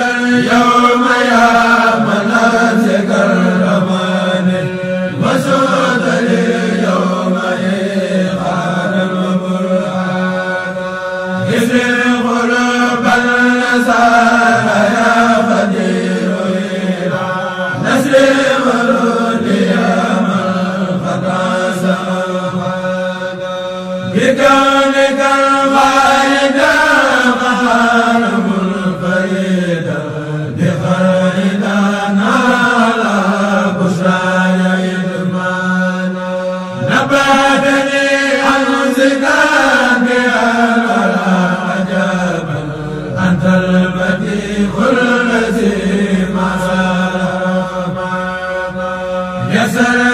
يوم يا Azara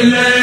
إليه